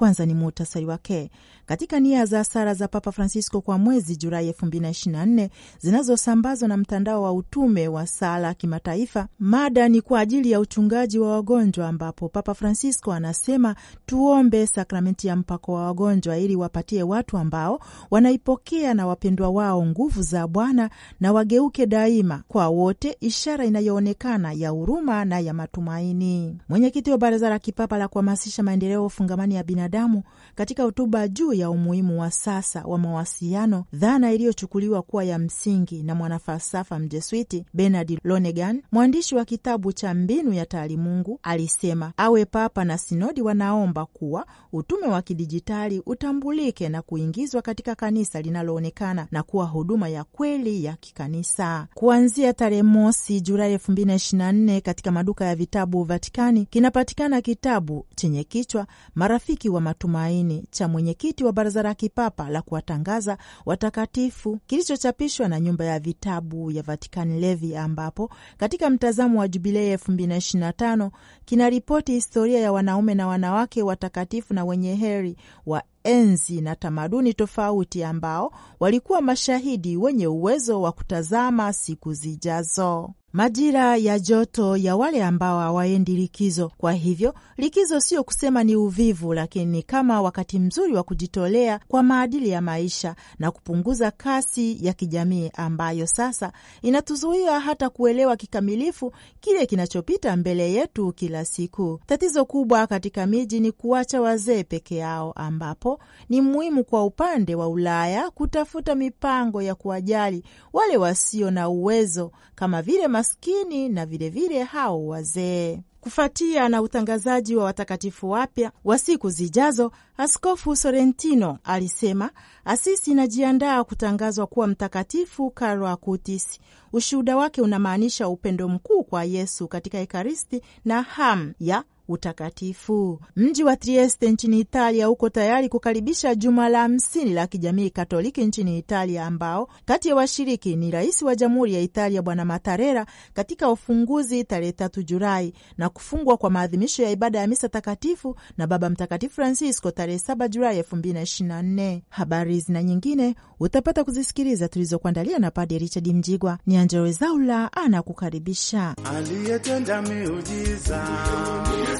Kwanza ni muhtasari wake. Katika nia za sara za Papa Francisco kwa mwezi Julai 2024 zinazosambazwa na mtandao wa utume wa sala kimataifa, mada ni kwa ajili ya uchungaji wa wagonjwa, ambapo Papa Francisco anasema tuombe sakramenti ya mpako wa wagonjwa ili wapatie watu ambao wanaipokea na wapendwa wao nguvu za Bwana na wageuke daima kwa wote, ishara inayoonekana ya huruma na ya matumaini. Mwenyekiti wa Baraza la Kipapa la Kuhamasisha Maendeleo Fungamani ya Binadamu binadamu katika hotuba juu ya umuhimu wa sasa wa mawasiliano, dhana iliyochukuliwa kuwa ya msingi na mwanafalsafa mjeswiti Bernard Lonegan, mwandishi wa kitabu cha Mbinu ya Taalimungu, alisema awe Papa na sinodi wanaomba kuwa utume wa kidijitali utambulike na kuingizwa katika kanisa linaloonekana na kuwa huduma ya kweli ya kikanisa. Kuanzia tarehe mosi Julai 2024 katika maduka ya vitabu Vatikani kinapatikana kitabu chenye kichwa Marafiki wa wa matumaini cha mwenyekiti wa Baraza la Kipapa la kuwatangaza watakatifu kilichochapishwa na nyumba ya vitabu ya Vatican Levi, ambapo katika mtazamo wa Jubilei 2025 kinaripoti historia ya wanaume na wanawake watakatifu na wenye heri wa enzi na tamaduni tofauti ambao walikuwa mashahidi wenye uwezo wa kutazama siku zijazo majira ya joto ya wale ambao hawaendi likizo. Kwa hivyo likizo sio kusema ni uvivu, lakini ni kama wakati mzuri wa kujitolea kwa maadili ya maisha na kupunguza kasi ya kijamii ambayo sasa inatuzuia hata kuelewa kikamilifu kile kinachopita mbele yetu kila siku. Tatizo kubwa katika miji ni kuacha wazee peke yao, ambapo ni muhimu kwa upande wa Ulaya kutafuta mipango ya kuwajali wale wasio na uwezo kama vile maskini na vilevile vile hao wazee. Kufuatia na utangazaji wa watakatifu wapya wa siku zijazo, Askofu Sorrentino alisema Asisi inajiandaa kutangazwa kuwa mtakatifu Carlo Acutis. Ushuhuda wake unamaanisha upendo mkuu kwa Yesu katika Ekaristi na hamu ya utakatifu. Mji wa Trieste nchini Italia uko tayari kukaribisha juma la hamsini la kijamii Katoliki nchini Italia, ambao kati ya washiriki ni rais wa Jamhuri ya Italia Bwana matarera katika ufunguzi tarehe tatu Julai na kufungwa kwa maadhimisho ya ibada ya misa takatifu na Baba Mtakatifu Francisco tarehe saba Julai elfu mbili na ishirini na nne. Habari zina nyingine utapata kuzisikiliza tulizokuandalia na Padre Richard Mjigwa. Ni Angelo Zaula anakukaribisha. Aliyetenda miujiza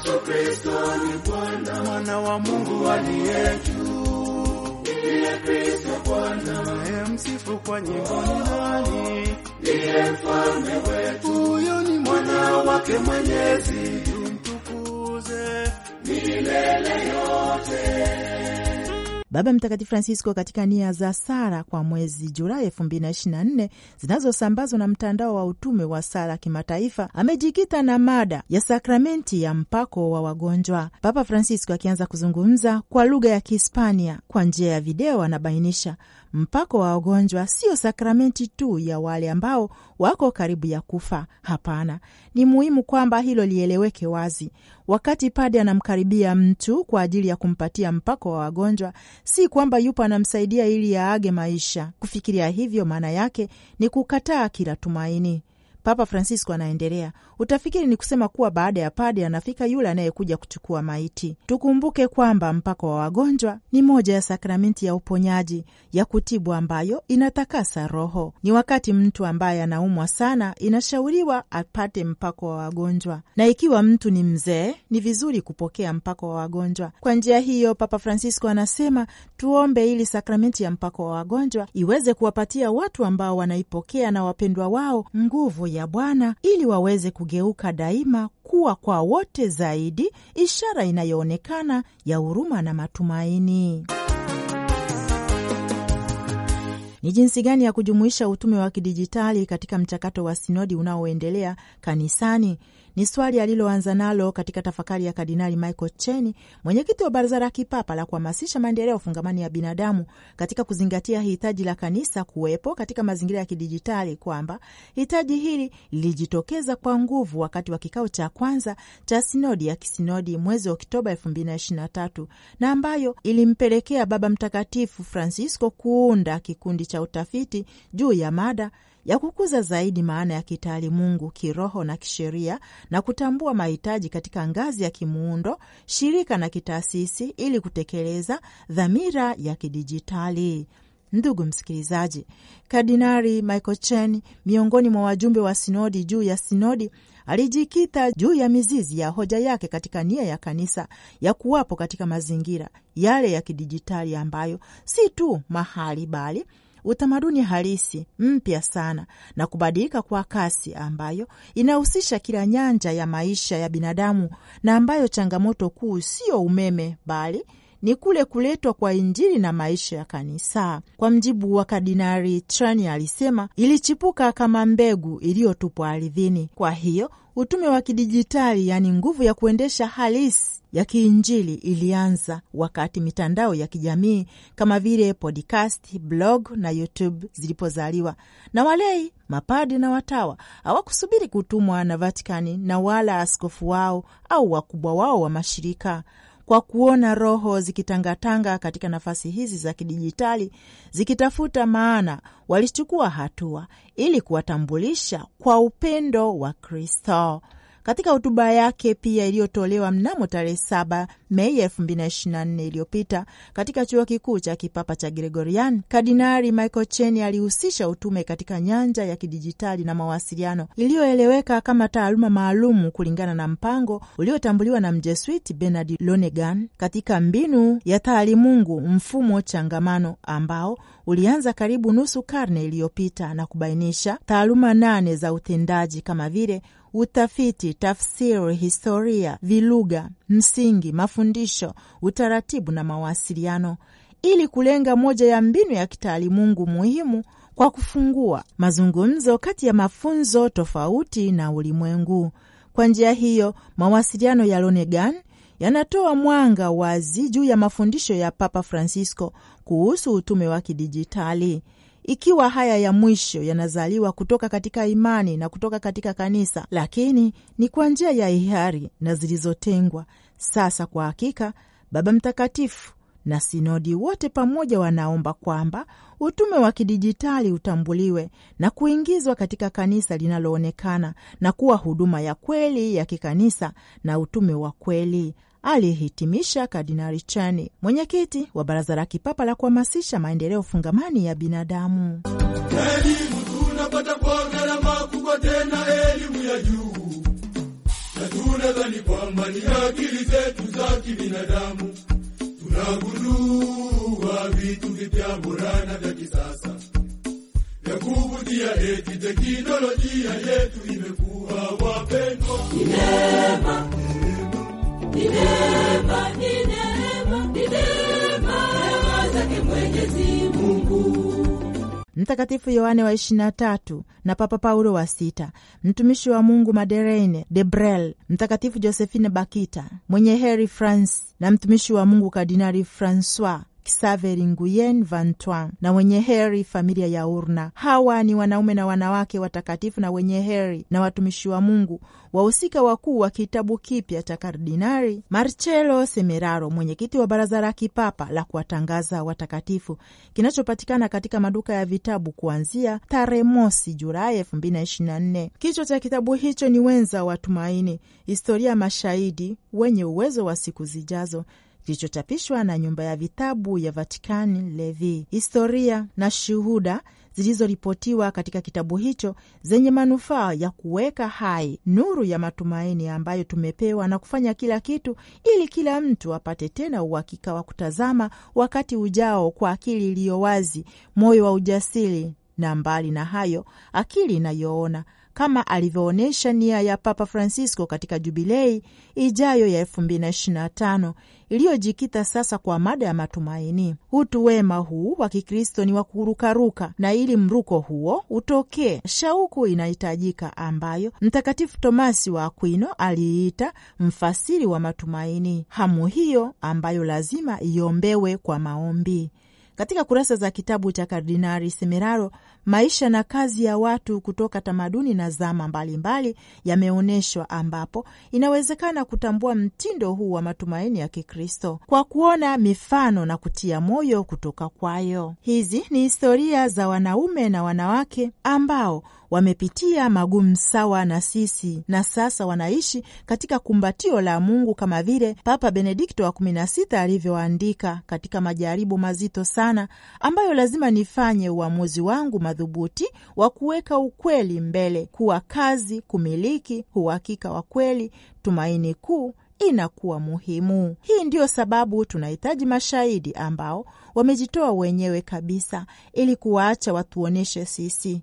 Yesu Kristo ni Bwana, mwana wa Mungu aliye juu. Ndiye Kristo Bwana, naye msifu kwa nyimbo nani? Ndiye mfalme wetu, huyo ni mwana wake Mwenyezi. Tumtukuze milele yote. Baba Mtakatifu Francisco katika nia za sara kwa mwezi Julai 2024 zinazosambazwa na mtandao wa utume wa sara kimataifa amejikita na mada ya sakramenti ya mpako wa wagonjwa. Papa Francisco akianza kuzungumza kwa lugha ya Kihispania kwa njia ya video, anabainisha mpako wa wagonjwa sio sakramenti tu ya wale ambao wako karibu ya kufa. Hapana, ni muhimu kwamba hilo lieleweke wazi. Wakati pade anamkaribia mtu kwa ajili ya kumpatia mpako wa wagonjwa, si kwamba yupo anamsaidia ili yaage maisha. Kufikiria hivyo, maana yake ni kukataa kila tumaini. Papa Francisco anaendelea, utafikiri ni kusema kuwa baada ya pade anafika yule anayekuja kuchukua maiti. Tukumbuke kwamba mpako wa wagonjwa ni moja ya sakramenti ya uponyaji ya kutibu ambayo inatakasa roho. Ni wakati mtu ambaye anaumwa sana, inashauriwa apate mpako wa wagonjwa, na ikiwa mtu ni mzee, ni vizuri kupokea mpako wa wagonjwa. Kwa njia hiyo, Papa Francisco anasema tuombe ili sakramenti ya mpako wa wagonjwa iweze kuwapatia watu ambao wanaipokea na wapendwa wao nguvu ya Bwana ili waweze kugeuka daima kuwa kwa wote zaidi ishara inayoonekana ya huruma na matumaini. Ni jinsi gani ya kujumuisha utume wa kidijitali katika mchakato wa sinodi unaoendelea kanisani? Ni swali aliloanza nalo katika tafakari ya Kardinali Michael Cheni, mwenyekiti wa Baraza la Kipapa la Kuhamasisha Maendeleo Fungamani ya Binadamu, katika kuzingatia hitaji la kanisa kuwepo katika mazingira ya kidijitali, kwamba hitaji hili lilijitokeza kwa nguvu wakati wa kikao cha kwanza cha sinodi ya kisinodi mwezi wa Oktoba 2023 na ambayo ilimpelekea Baba Mtakatifu Francisco kuunda kikundi cha utafiti juu ya mada ya kukuza zaidi maana ya kitaalimungu kiroho na kisheria na kutambua mahitaji katika ngazi ya kimuundo, shirika na kitaasisi ili kutekeleza dhamira ya kidijitali. Ndugu msikilizaji, Kardinari Michael Chen, miongoni mwa wajumbe wa sinodi juu ya sinodi, alijikita juu ya mizizi ya hoja yake katika nia ya kanisa ya kuwapo katika mazingira yale ya kidijitali ambayo si tu mahali bali utamaduni halisi mpya sana na kubadilika kwa kasi ambayo inahusisha kila nyanja ya maisha ya binadamu na ambayo changamoto kuu sio umeme bali ni kule kuletwa kwa Injili na maisha ya kanisa. Kwa mjibu wa Kardinari Trani, alisema ilichipuka kama mbegu iliyotupwa ardhini. Kwa hiyo utume wa kidijitali, yaani nguvu ya kuendesha halisi ya kiinjili ilianza wakati mitandao ya kijamii kama vile podcast, blog na YouTube zilipozaliwa, na walei, mapadi na watawa hawakusubiri kutumwa na Vatikani na wala askofu wao au wakubwa wao wa mashirika kwa kuona roho zikitangatanga katika nafasi hizi za kidijitali zikitafuta maana, walichukua hatua ili kuwatambulisha kwa upendo wa Kristo. Katika hotuba yake pia iliyotolewa mnamo tarehe 7 Mei 2024 iliyopita katika chuo kikuu cha kipapa cha Gregorian, kardinari Michael Cheni alihusisha utume katika nyanja ya kidijitali na mawasiliano iliyoeleweka kama taaluma maalumu kulingana na mpango uliotambuliwa na mjesuit Bernard Lonegan katika mbinu ya taalimungu mfumo changamano ambao ulianza karibu nusu karne iliyopita na kubainisha taaluma nane za utendaji kama vile utafiti, tafsiri, historia, vilugha, msingi, mafundisho, utaratibu na mawasiliano, ili kulenga moja ya mbinu ya kitaalimungu muhimu kwa kufungua mazungumzo kati ya mafunzo tofauti na ulimwengu. Kwa njia hiyo, mawasiliano ya Lonegan yanatoa mwanga wazi juu ya mafundisho ya Papa Francisco kuhusu utume wa kidijitali. Ikiwa haya ya mwisho yanazaliwa kutoka katika imani na kutoka katika kanisa, lakini ni kwa njia ya hiari na zilizotengwa, sasa kwa hakika Baba Mtakatifu na sinodi wote pamoja wanaomba kwamba utume wa kidijitali utambuliwe na kuingizwa katika kanisa linaloonekana na kuwa huduma ya kweli ya kikanisa na utume wa kweli alihitimisha Kardinali Chani, mwenyekiti wa Baraza la Kipapa la Kuhamasisha Maendeleo Fungamani ya Binadamu. Elimu tunapata kwa gharama kubwa, tena elimu ya juu, na tunadhani kwamba ni akili zetu za kibinadamu. Tunagundua vitu vipya bora na vya kisasa ya kuvutia, eti teknolojia yetu imekuwa wapendwa Mtakatifu Yohane wa 23 na na Papa Paulo wa sita, mtumishi wa Mungu Madereine de Brel, Mtakatifu Josephine Bakita, mwenye heri France na mtumishi wa Mungu Kardinali Francois Xaver Nguyen na wenye heri familia ya Urna. Hawa ni wanaume na wanawake watakatifu na wenye heri na watumishi wa Mungu, wahusika wakuu wa kitabu kipya cha Kardinari Marcello Semeraro, mwenyekiti wa Baraza la Kipapa la Kuwatangaza Watakatifu, kinachopatikana katika maduka ya vitabu kuanzia tarehe mosi Julai elfu mbili na ishirini na nne. Kichwa cha kitabu hicho ni Wenza wa Tumaini, historia ya mashahidi wenye uwezo wa siku zijazo kilichochapishwa na nyumba ya vitabu ya Vatikani Levi. Historia na shuhuda zilizoripotiwa katika kitabu hicho zenye manufaa ya kuweka hai nuru ya matumaini ambayo tumepewa na kufanya kila kitu ili kila mtu apate tena uhakika wa kutazama wakati ujao kwa akili iliyo wazi, moyo wa ujasiri na mbali na hayo akili inayoona kama alivyoonyesha nia ya Papa Francisco katika jubilei ijayo ya 2025 iliyojikita sasa kwa mada ya matumaini. Utu wema huu wa Kikristo ni wa kurukaruka, na ili mruko huo utokee, shauku inahitajika ambayo Mtakatifu Tomasi wa Akwino aliita mfasiri wa matumaini. Hamu hiyo ambayo lazima iombewe kwa maombi. Katika kurasa za kitabu cha Kardinari Semeraro, maisha na kazi ya watu kutoka tamaduni na zama mbalimbali yameonyeshwa, ambapo inawezekana kutambua mtindo huu wa matumaini ya Kikristo kwa kuona mifano na kutia moyo kutoka kwayo. Hizi ni historia za wanaume na wanawake ambao wamepitia magumu sawa na sisi na sasa wanaishi katika kumbatio la Mungu kama vile Papa Benedikto wa kumi na sita alivyoandika, katika majaribu mazito sana ambayo lazima nifanye uamuzi wangu madhubuti wa kuweka ukweli mbele kuwa kazi, kumiliki uhakika wa kweli, tumaini kuu inakuwa muhimu. Hii ndiyo sababu tunahitaji mashahidi ambao wamejitoa wenyewe kabisa, ili kuwaacha watuonyeshe sisi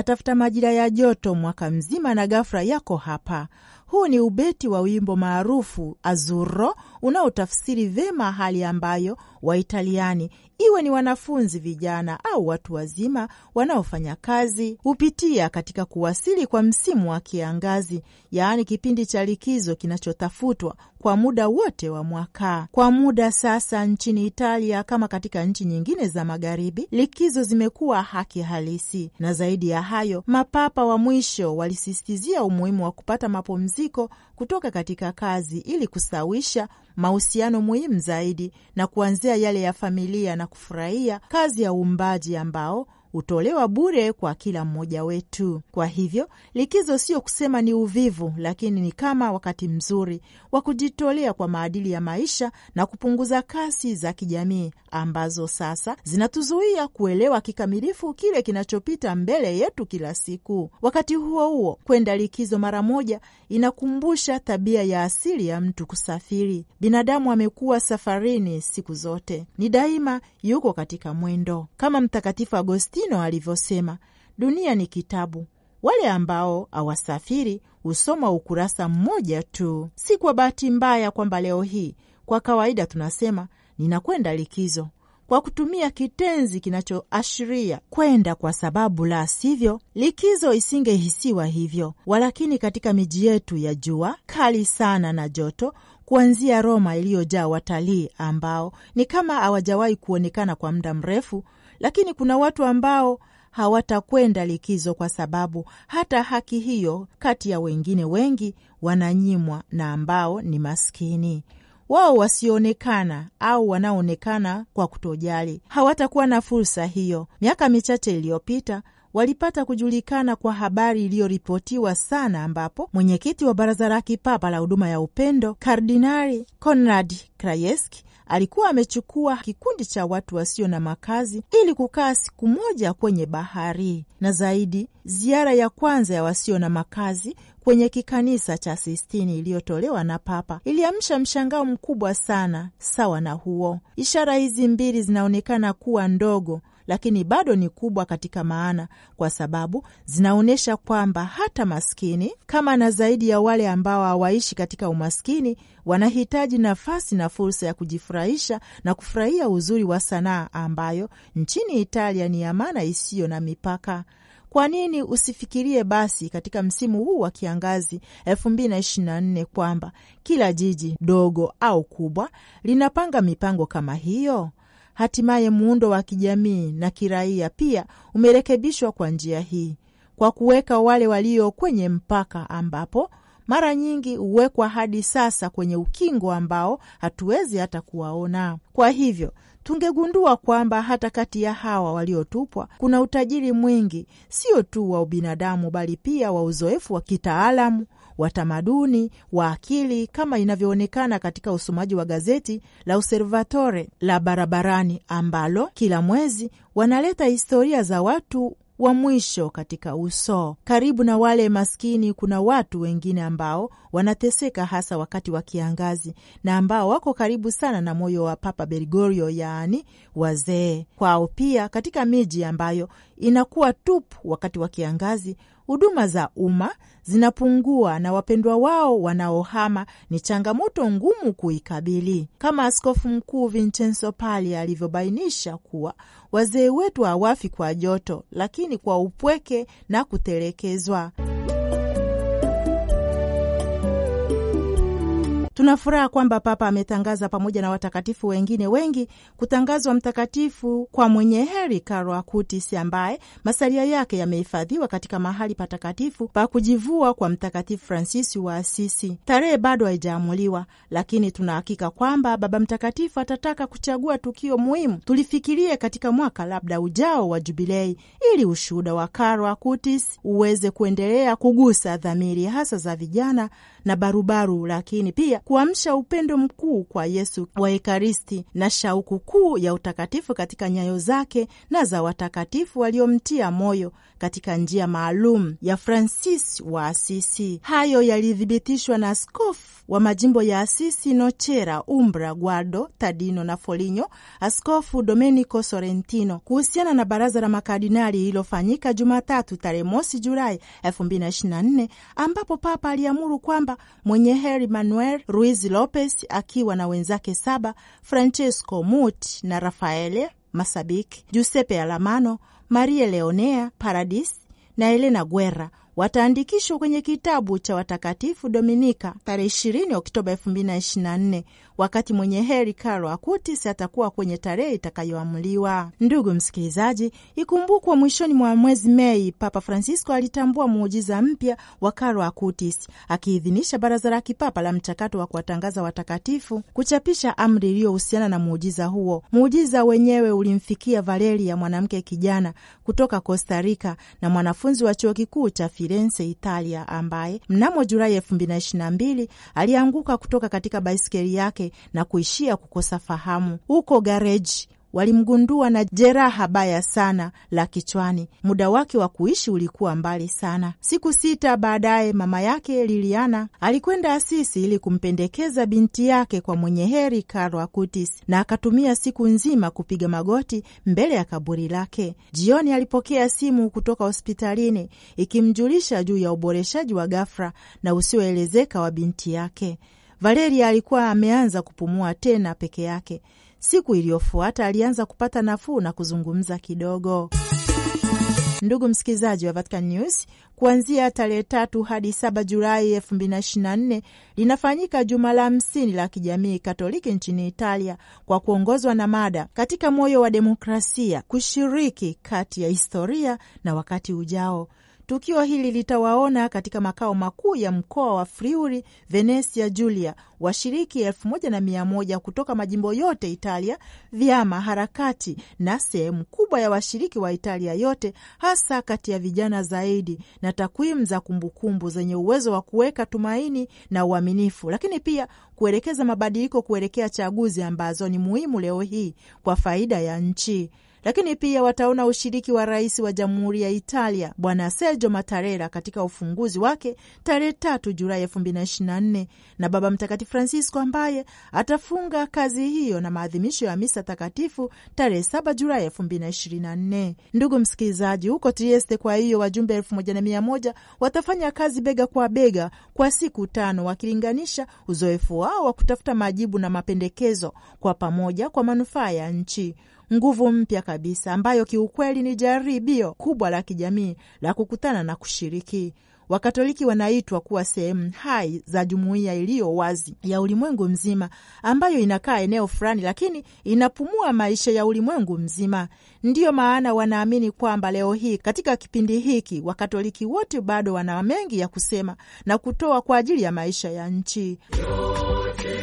natafuta majira ya joto mwaka mzima na ghafla yako hapa. Huu ni ubeti wa wimbo maarufu Azuro unaotafsiri vema hali ambayo Waitaliani, iwe ni wanafunzi vijana au watu wazima wanaofanya kazi, hupitia katika kuwasili kwa msimu wa kiangazi, yaani kipindi cha likizo kinachotafutwa kwa muda wote wa mwaka. Kwa muda sasa, nchini Italia kama katika nchi nyingine za Magharibi, likizo zimekuwa haki halisi, na zaidi ya hayo, mapapa wa mwisho walisisitizia umuhimu wa kupata mapumziko kutoka katika kazi ili kusawisha mahusiano muhimu zaidi na kuanzia yale ya familia na kufurahia kazi ya uumbaji ambao hutolewa bure kwa kila mmoja wetu. Kwa hivyo likizo sio kusema ni uvivu, lakini ni kama wakati mzuri wa kujitolea kwa maadili ya maisha na kupunguza kasi za kijamii ambazo sasa zinatuzuia kuelewa kikamilifu kile kinachopita mbele yetu kila siku. Wakati huo huo, kwenda likizo mara moja inakumbusha tabia ya asili ya mtu kusafiri. Binadamu amekuwa safarini siku zote, ni daima yuko katika mwendo, kama Mtakatifu Agosti Agustino alivyosema, dunia ni kitabu, wale ambao hawasafiri husoma ukurasa mmoja tu. Si kwa bahati mbaya kwamba leo hii kwa kawaida tunasema ninakwenda likizo kwa kutumia kitenzi kinachoashiria kwenda, kwa sababu la sivyo likizo isingehisiwa hivyo. Walakini, katika miji yetu ya jua kali sana na joto, kuanzia Roma iliyojaa watalii ambao ni kama hawajawahi kuonekana kwa muda mrefu lakini kuna watu ambao hawatakwenda likizo kwa sababu hata haki hiyo kati ya wengine wengi wananyimwa, na ambao ni maskini. Wao wasioonekana au wanaoonekana kwa kutojali hawatakuwa na fursa hiyo. Miaka michache iliyopita walipata kujulikana kwa habari iliyoripotiwa sana, ambapo mwenyekiti wa Baraza la Kipapa la Huduma ya Upendo Kardinali Konrad Krajewski alikuwa amechukua kikundi cha watu wasio na makazi ili kukaa siku moja kwenye bahari, na zaidi ziara ya kwanza ya wasio na makazi kwenye kikanisa cha Sistini iliyotolewa na Papa iliamsha mshangao mkubwa sana sawa na huo. Ishara hizi mbili zinaonekana kuwa ndogo lakini bado ni kubwa katika maana, kwa sababu zinaonyesha kwamba hata maskini kama na zaidi ya wale ambao hawaishi katika umaskini wanahitaji nafasi na fursa ya kujifurahisha na kufurahia uzuri wa sanaa ambayo nchini Italia ni ya maana isiyo na mipaka. Kwa nini usifikirie basi katika msimu huu wa kiangazi 2024 kwamba kila jiji dogo au kubwa linapanga mipango kama hiyo? Hatimaye muundo wa kijamii na kiraia pia umerekebishwa kwa njia hii, kwa kuweka wale walio kwenye mpaka ambapo mara nyingi huwekwa hadi sasa kwenye ukingo ambao hatuwezi hata kuwaona. Kwa hivyo tungegundua kwamba hata kati ya hawa waliotupwa kuna utajiri mwingi, sio tu wa ubinadamu, bali pia wa uzoefu wa kitaalamu watamaduni wa akili kama inavyoonekana katika usomaji wa gazeti la Osservatore la barabarani ambalo kila mwezi wanaleta historia za watu wa mwisho katika uso. Karibu na wale maskini, kuna watu wengine ambao wanateseka hasa wakati wa kiangazi na ambao wako karibu sana na moyo wa Papa Bergoglio, yaani wazee. Kwao pia, katika miji ambayo inakuwa tupu wakati wa kiangazi, huduma za umma zinapungua na wapendwa wao wanaohama ni changamoto ngumu kuikabili. Kama Askofu Mkuu Vincenzo Pali alivyobainisha kuwa wazee wetu hawafi kwa joto, lakini kwa upweke na kutelekezwa. Tunafuraha kwamba Papa ametangaza pamoja na watakatifu wengine wengi kutangazwa mtakatifu kwa mwenye heri Carlo Acutis, ambaye masalia yake yamehifadhiwa katika mahali patakatifu pa kujivua kwa Mtakatifu francisi wa Asisi. Tarehe bado haijaamuliwa, lakini tunahakika kwamba Baba Mtakatifu atataka kuchagua tukio muhimu tulifikirie katika mwaka labda ujao wa Jubilei, ili ushuhuda wa Carlo Acutis uweze kuendelea kugusa dhamiri hasa za vijana na barubaru, lakini pia kuamsha upendo mkuu kwa Yesu wa Ekaristi na shauku kuu ya utakatifu katika nyayo zake na za watakatifu waliomtia moyo katika njia maalum ya Francis wa Asisi. Hayo yalithibitishwa na askofu wa majimbo ya Asisi, Nocera, Umbra, Guardo, Tadino na Foligno, Askofu Domenico Sorrentino kuhusiana na baraza la makardinali lililofanyika Jumatatu tarehe mosi Julai 2024 ambapo Papa aliamuru kwamba mwenye heri Manuel Ruiz Lopez akiwa na wenzake saba Francesco Muti na Rafaele Masabiki, Giuseppe Alamano Maria Leonea Paradis na Elena Guerra wataandikishwa kwenye kitabu cha watakatifu Dominika tarehe 20 Oktoba 2024, wakati mwenye heri Carlo Acutis atakuwa kwenye tarehe itakayoamuliwa. Ndugu msikilizaji, ikumbukwa mwishoni mwa mwezi Mei Papa Francisco alitambua muujiza mpya wa Carlo Acutis akiidhinisha baraza la kipapa la mchakato wa kuwatangaza watakatifu kuchapisha amri iliyohusiana na muujiza huo. Muujiza wenyewe ulimfikia Valeria, mwanamke kijana kutoka Costa Rica na mwanafunzi wa chuo kikuu cha Firenze, Italia, ambaye mnamo Julai elfu mbili na ishirini na mbili alianguka kutoka katika baiskeli yake na kuishia kukosa fahamu huko gareji walimgundua na jeraha baya sana la kichwani. Muda wake wa kuishi ulikuwa mbali sana. Siku sita baadaye, mama yake Liliana alikwenda Asisi ili kumpendekeza binti yake kwa mwenye heri Karl Acutis, na akatumia siku nzima kupiga magoti mbele ya kaburi lake. Jioni alipokea simu kutoka hospitalini ikimjulisha juu ya uboreshaji wa ghafla na usioelezeka wa binti yake. Valeria alikuwa ameanza kupumua tena peke yake Siku iliyofuata alianza kupata nafuu na kuzungumza kidogo. Ndugu msikilizaji wa Vatican News, kuanzia tarehe tatu hadi saba Julai elfu mbili na ishirini na nne linafanyika juma la hamsini la kijamii Katoliki nchini Italia kwa kuongozwa na mada katika moyo wa demokrasia, kushiriki kati ya historia na wakati ujao. Tukio hili litawaona katika makao makuu ya mkoa wa Friuli Venesia Julia washiriki elfu moja na mia moja kutoka majimbo yote Italia, vyama, harakati na sehemu kubwa ya washiriki wa Italia yote, hasa kati ya vijana zaidi, na takwimu za kumbukumbu zenye uwezo wa kuweka tumaini na uaminifu, lakini pia kuelekeza mabadiliko kuelekea chaguzi ambazo ni muhimu leo hii kwa faida ya nchi lakini pia wataona ushiriki wa rais wa jamhuri ya Italia Bwana Sergio Mattarella katika ufunguzi wake tarehe tatu Julai elfu mbili na ishirini na nne na Baba Mtakatifu Francisco ambaye atafunga kazi hiyo na maadhimisho ya misa takatifu tarehe saba Julai elfu mbili na ishirini na nne. Ndugu msikilizaji, huko Trieste, kwa hiyo wajumbe elfu moja na mia moja watafanya kazi bega kwa bega kwa siku tano wakilinganisha uzoefu wao wa kutafuta majibu na mapendekezo kwa pamoja kwa manufaa ya nchi nguvu mpya kabisa ambayo kiukweli ni jaribio kubwa la kijamii la kukutana na kushiriki. Wakatoliki wanaitwa kuwa sehemu hai za jumuiya iliyo wazi ya ulimwengu mzima ambayo inakaa eneo fulani, lakini inapumua maisha ya ulimwengu mzima. Ndiyo maana wanaamini kwamba leo hii katika kipindi hiki Wakatoliki wote bado wana mengi ya kusema na kutoa kwa ajili ya maisha ya nchi yote.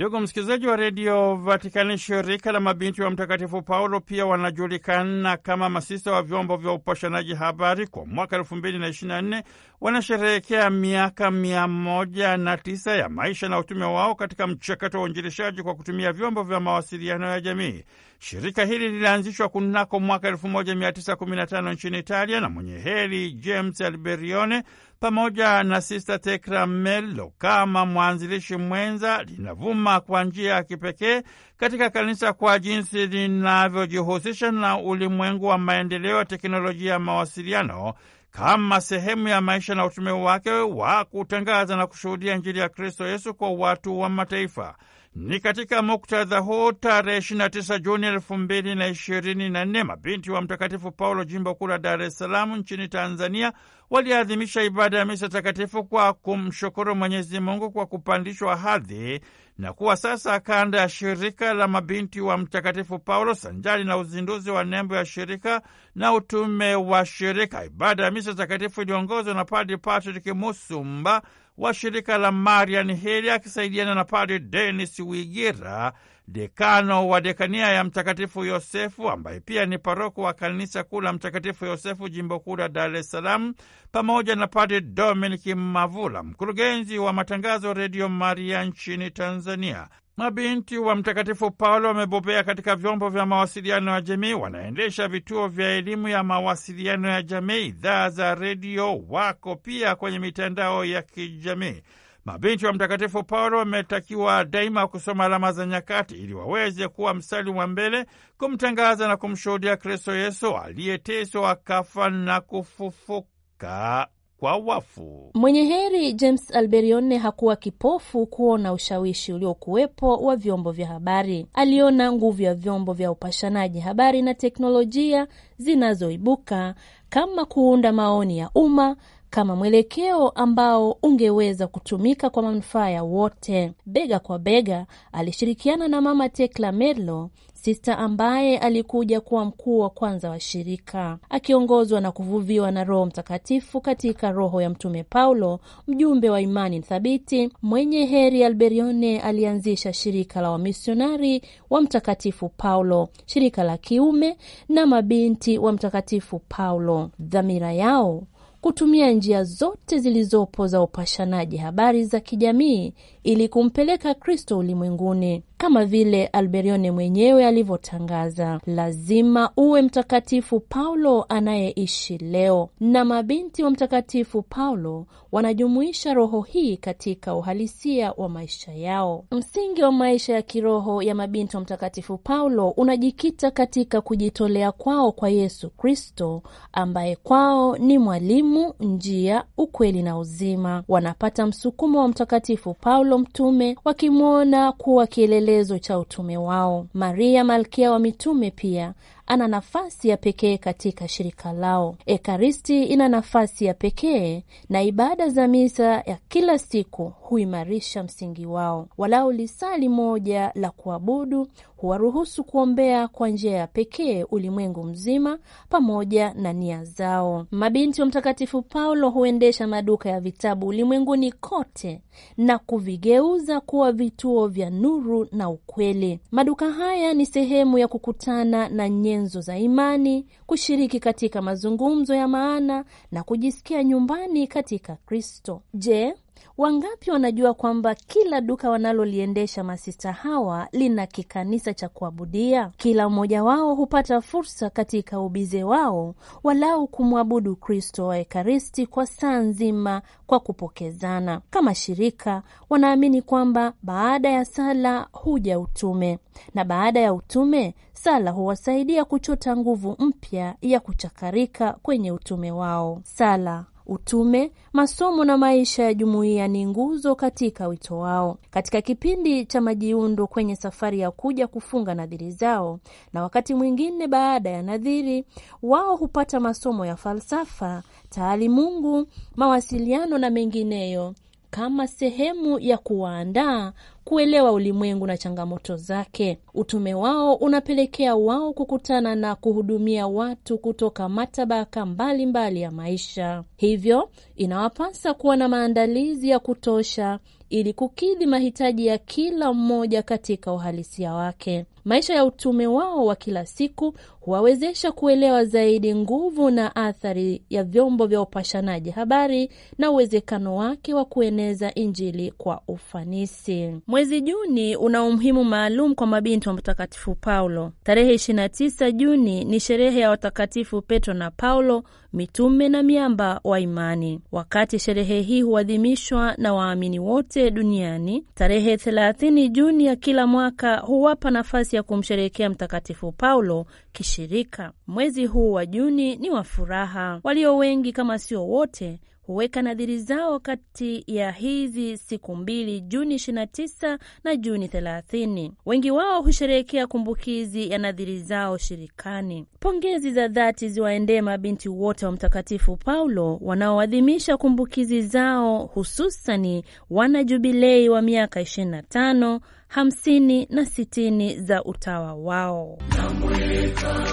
Ndugu msikilizaji wa redio Vatikani, shirika la mabinti wa Mtakatifu Paulo pia wanajulikana kama masista wa vyombo vya upashanaji habari, kwa mwaka elfu mbili na ishirini na nne wanasherehekea miaka mia moja na tisa ya maisha na utume wao katika mchakato wa uinjilishaji kwa kutumia vyombo vya mawasiliano ya jamii. Shirika hili lilianzishwa kunako mwaka elfu moja mia tisa kumi na tano nchini Italia na mwenye heri James Alberione pamoja na Sista Tekra Melo kama mwanzilishi mwenza linavuma kwa njia ya kipekee katika kanisa kwa jinsi linavyojihusisha na ulimwengu wa maendeleo ya teknolojia ya mawasiliano kama sehemu ya maisha na utume wake wa kutangaza na kushuhudia Injili ya Kristo Yesu kwa watu wa mataifa. Ni katika muktadha huu tarehe 29 Juni 224 mabinti wa Mtakatifu Paulo, jimbo kuu la Dar es Salaam nchini Tanzania waliadhimisha ibada ya misa takatifu kwa kumshukuru Mwenyezi Mungu kwa kupandishwa hadhi na kuwa sasa kanda ya shirika la mabinti wa Mtakatifu Paulo sanjari na uzinduzi wa nembo ya shirika na utume wa shirika. Ibada ya misa takatifu iliongozwa na Padri Patrick Musumba wa shirika la Marian Hili akisaidiana na Padri Denis Wigira dekano wa dekania ya Mtakatifu Yosefu ambaye pia ni paroko wa kanisa kuu la Mtakatifu Yosefu jimbo kuu la Dar es Salaam, pamoja na Padre Dominic Mavula, mkurugenzi wa matangazo Redio Maria nchini Tanzania. Mabinti wa Mtakatifu Paulo wamebobea katika vyombo vya mawasiliano ya jamii, wanaendesha vituo vya elimu ya mawasiliano ya jamii, idhaa za redio, wako pia kwenye mitandao ya kijamii. Mabinti wa Mtakatifu Paulo wametakiwa daima kusoma alama za nyakati ili waweze kuwa mstari wa mbele kumtangaza na kumshuhudia Kristo Yesu aliyeteswa akafa na kufufuka kwa wafu. Mwenye heri James Alberione hakuwa kipofu kuona ushawishi uliokuwepo wa vyombo vya habari. Aliona nguvu ya vyombo vya upashanaji habari na teknolojia zinazoibuka kama kuunda maoni ya umma kama mwelekeo ambao ungeweza kutumika kwa manufaa ya wote. Bega kwa bega alishirikiana na Mama Tekla Merlo sista ambaye alikuja kuwa mkuu wa kwanza wa shirika akiongozwa na kuvuviwa na Roho Mtakatifu katika roho ya Mtume Paulo, mjumbe wa imani thabiti mwenye heri Alberione alianzisha shirika la wamisionari wa Mtakatifu Paulo, shirika la kiume na mabinti wa Mtakatifu Paulo. Dhamira yao kutumia njia zote zilizopo za upashanaji habari za kijamii ili kumpeleka Kristo ulimwenguni kama vile Alberione mwenyewe alivyotangaza. Lazima uwe Mtakatifu Paulo anayeishi leo, na mabinti wa Mtakatifu Paulo wanajumuisha roho hii katika uhalisia wa maisha yao. Msingi wa maisha ya kiroho ya mabinti wa Mtakatifu Paulo unajikita katika kujitolea kwao kwa Yesu Kristo, ambaye kwao ni mwalimu, njia, ukweli na uzima. Wanapata msukumo wa Mtakatifu Paulo Paulo mtume wakimwona kuwa kielelezo cha utume wao. Maria malkia wa mitume pia ana nafasi ya pekee katika shirika lao. Ekaristi ina nafasi ya pekee na ibada za misa ya kila siku huimarisha msingi wao. Walau lisali moja la kuabudu huwaruhusu kuombea kwa njia ya pekee ulimwengu mzima pamoja na nia zao. Mabinti wa Mtakatifu Paulo huendesha maduka ya vitabu ulimwenguni kote na kuvigeuza kuwa vituo vya nuru na ukweli. Maduka haya ni sehemu ya kukutana na nyenzo nyenzo za imani, kushiriki katika mazungumzo ya maana na kujisikia nyumbani katika Kristo. Je, Wangapi wanajua kwamba kila duka wanaloliendesha masista hawa lina kikanisa cha kuabudia? Kila mmoja wao hupata fursa katika ubize wao walau kumwabudu Kristo wa Ekaristi kwa saa nzima kwa kupokezana. Kama shirika, wanaamini kwamba baada ya sala huja utume, na baada ya utume sala huwasaidia kuchota nguvu mpya ya kuchakarika kwenye utume wao. Sala utume, masomo na maisha ya jumuiya ni nguzo katika wito wao. Katika kipindi cha majiundo kwenye safari ya kuja kufunga nadhiri zao, na wakati mwingine baada ya nadhiri, wao hupata masomo ya falsafa, taalimungu, mawasiliano na mengineyo kama sehemu ya kuwaandaa kuelewa ulimwengu na changamoto zake. Utume wao unapelekea wao kukutana na kuhudumia watu kutoka matabaka mbalimbali mbali ya maisha, hivyo inawapasa kuwa na maandalizi ya kutosha ili kukidhi mahitaji ya kila mmoja katika uhalisia wake. Maisha ya utume wao wa kila siku huwawezesha kuelewa zaidi nguvu na athari ya vyombo vya upashanaji habari na uwezekano wake wa kueneza Injili kwa ufanisi. Mwezi Juni una umuhimu maalum kwa mabinti wa Mtakatifu Paulo. Tarehe 29 Juni ni sherehe ya watakatifu Petro na Paulo, mitume na miamba wa imani. Wakati sherehe hii huadhimishwa na waamini wote duniani, tarehe 30 Juni ya kila mwaka huwapa nafasi ya kumsherehekea Mtakatifu Paulo kishirika. Mwezi huu wa Juni ni wa furaha, walio wengi kama sio wote huweka nadhiri zao kati ya hizi siku mbili, Juni 29 na Juni 30. Wengi wao husherehekea kumbukizi ya nadhiri zao shirikani. Pongezi za dhati ziwaendee mabinti wote wa Mtakatifu Paulo wanaoadhimisha kumbukizi zao, hususani wana jubilei wa miaka 25, hamsini na 60 za utawa wao. Namweka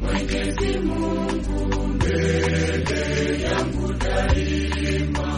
Mwenyezi Mungu mbele yangu daima.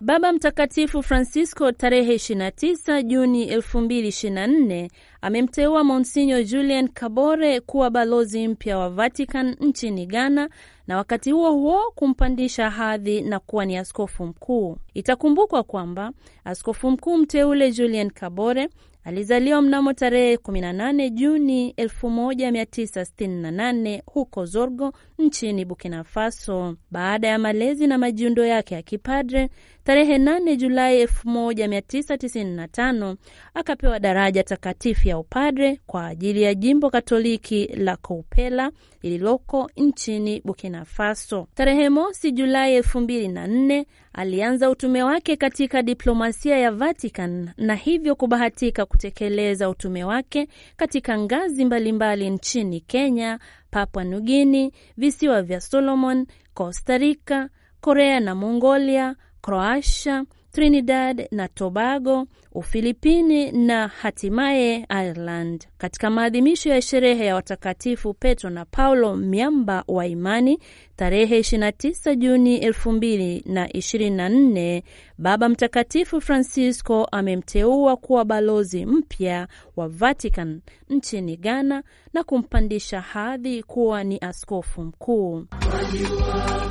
Baba Mtakatifu Francisco tarehe 29 Juni 2024 amemteua Monsinyo Julian Kabore kuwa balozi mpya wa Vatican nchini Ghana na wakati huo huo kumpandisha hadhi na kuwa ni askofu mkuu. Itakumbukwa kwamba askofu mkuu mteule Julian Kabore Alizaliwa mnamo tarehe 18 Juni 1968 huko Zorgo nchini Burkina Faso. Baada ya malezi na majiundo yake ya kipadre, tarehe 8 Julai 1995 akapewa daraja takatifu ya upadre kwa ajili ya jimbo Katoliki la Koupela lililoko nchini Burkina Faso. Tarehe mosi Julai 2004 alianza utume wake katika diplomasia ya Vatican na hivyo kubahatika kutekeleza utume wake katika ngazi mbalimbali mbali nchini Kenya, Papua New Guinea, visiwa vya Solomon, Costa Rica, Korea na Mongolia, Croatia, Trinidad na Tobago, Ufilipini na hatimaye Ireland. Katika maadhimisho ya sherehe ya watakatifu Petro na Paulo, miamba wa imani, tarehe 29 Juni 2024, Baba Mtakatifu Francisco amemteua kuwa balozi mpya wa Vatican nchini Ghana na kumpandisha hadhi kuwa ni askofu mkuu. Wajua,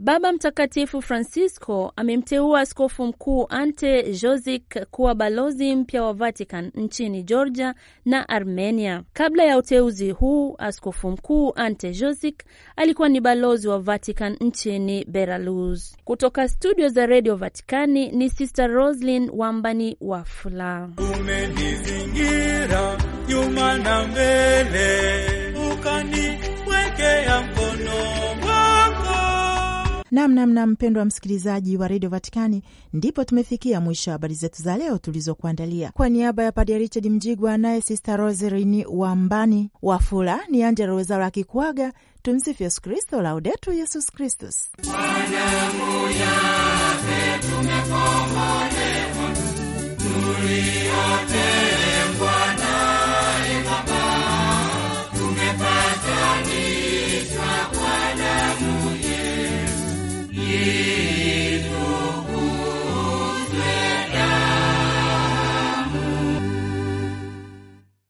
Baba Mtakatifu Francisco amemteua askofu mkuu Ante Josic kuwa balozi mpya wa Vatican nchini Georgia na Armenia. Kabla ya uteuzi huu, askofu mkuu Ante Josic alikuwa ni balozi wa Vatican nchini Belarus. Kutoka studio za redio Vaticani ni Sister Roslin Wambani wa Fula. Umenizingira nyuma na mbele Namnamna mpendwa msikilizaji wa redio Vatikani, ndipo tumefikia mwisho wa habari zetu za leo tulizokuandalia. Kwa, kwa niaba ya Padre Richard Mjigwa naye Sista Roserini Wambani Wafula ni Angela Rwezaura akikuaga. Tumsifu Yesu Kristo, Laudetu Yesus Kristus.